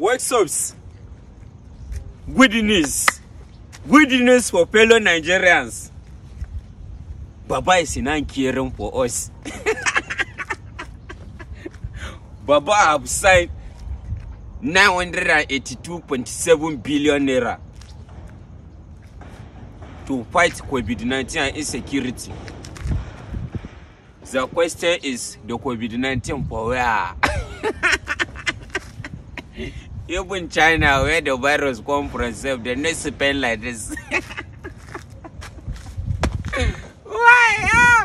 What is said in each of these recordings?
workshops good news good news for fellow nigerians baba is now caring for us baba have signed 982.7 billion naira to fight covid-19 insecurity the question is the covid-19 for where You've in China, where the virus come from, self, they not spend like this. Why?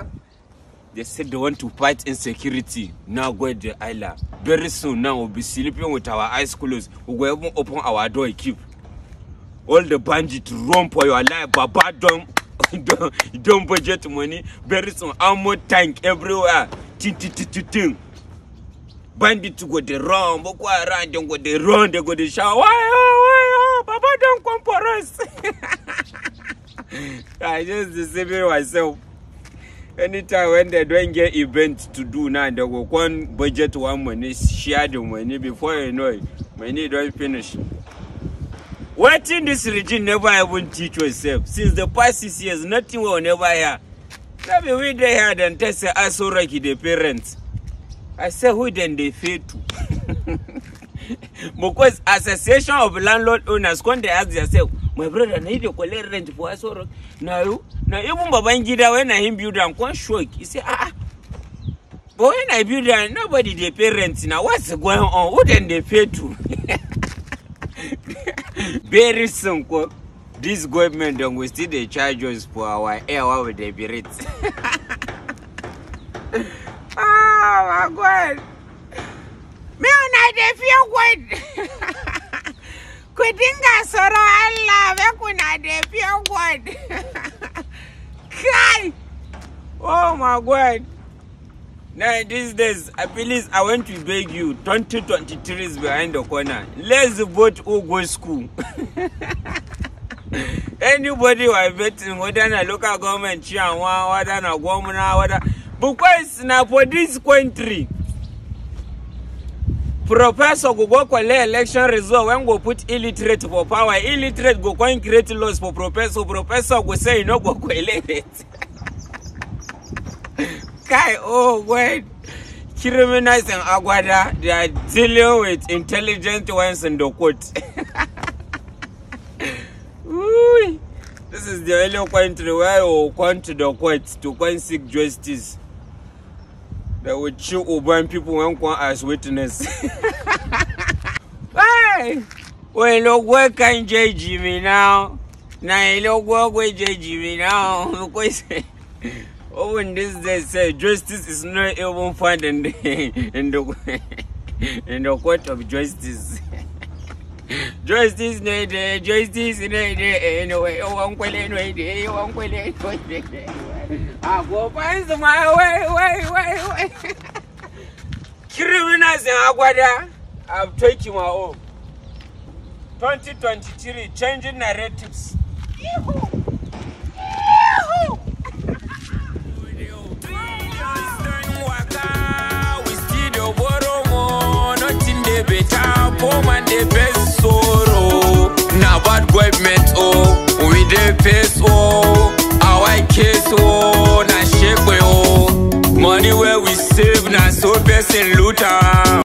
They said they want to fight insecurity. Now go to the island. Very soon now we'll be sleeping with our eyes closed. We will even open our door keep. All the bandits run for your life. Baba don't, don't, don't budget money. Very soon ammo tank everywhere. Ting, ting, ting, ting, ting. Bandits go the run, Boko Haram don't go the run, they go the shout, why, oh, why, oh, Papa don't come for us. I just deceiving myself. Anytime when they don't get event to do now, they go one budget one money, share the money before you know it. Money don't finish. in this region never even teach yourself. Since the past six years, nothing will never hear. Maybe we they had and test the asshole like the parents. I say who then they fail to. because association of landlord owners when they ask themselves, my brother need dey collect rent for us or no? you na even babangida when I him build am come shock. He say ah, ah. but when I build am nobody they pay rent now what's going on? Who then they pay to? Very soon this government don go still the charge for our air would we dey breathe. Oh my God. Me on I dey feel good. Ku dinga soro Allah be kuna dey feel good. Kai. Oh my God. Now these days, please, I want to beg you, 2023 is behind the corner. Let's vote who goes school. Anybody who I bet in modern a local government, whether a governor, whether because now for this country professor go go collect election result when go put illiterate for power illiterate go come create laws for professor professor go say e no go collect it kai oh wait criminals in agwada they are dealing with intelligent ones in the court this is the only country where we will come to the court to come seek justice That They will shoot burn people when going as witness. hey! Well, look, where can JG Jimmy now? Now, look, where can JG me now? Because, oh, in this they say justice is not even found in the, in the, in the court of justice. justice ne justice, justice ne de anyway oh uncle anyway de oh uncle anyway I go find my way, way, way, way. Criminals in Aguada have taken my home. 2023, changing narratives. Better, poor man, the best sorrow. Where we save, now so best in Luton.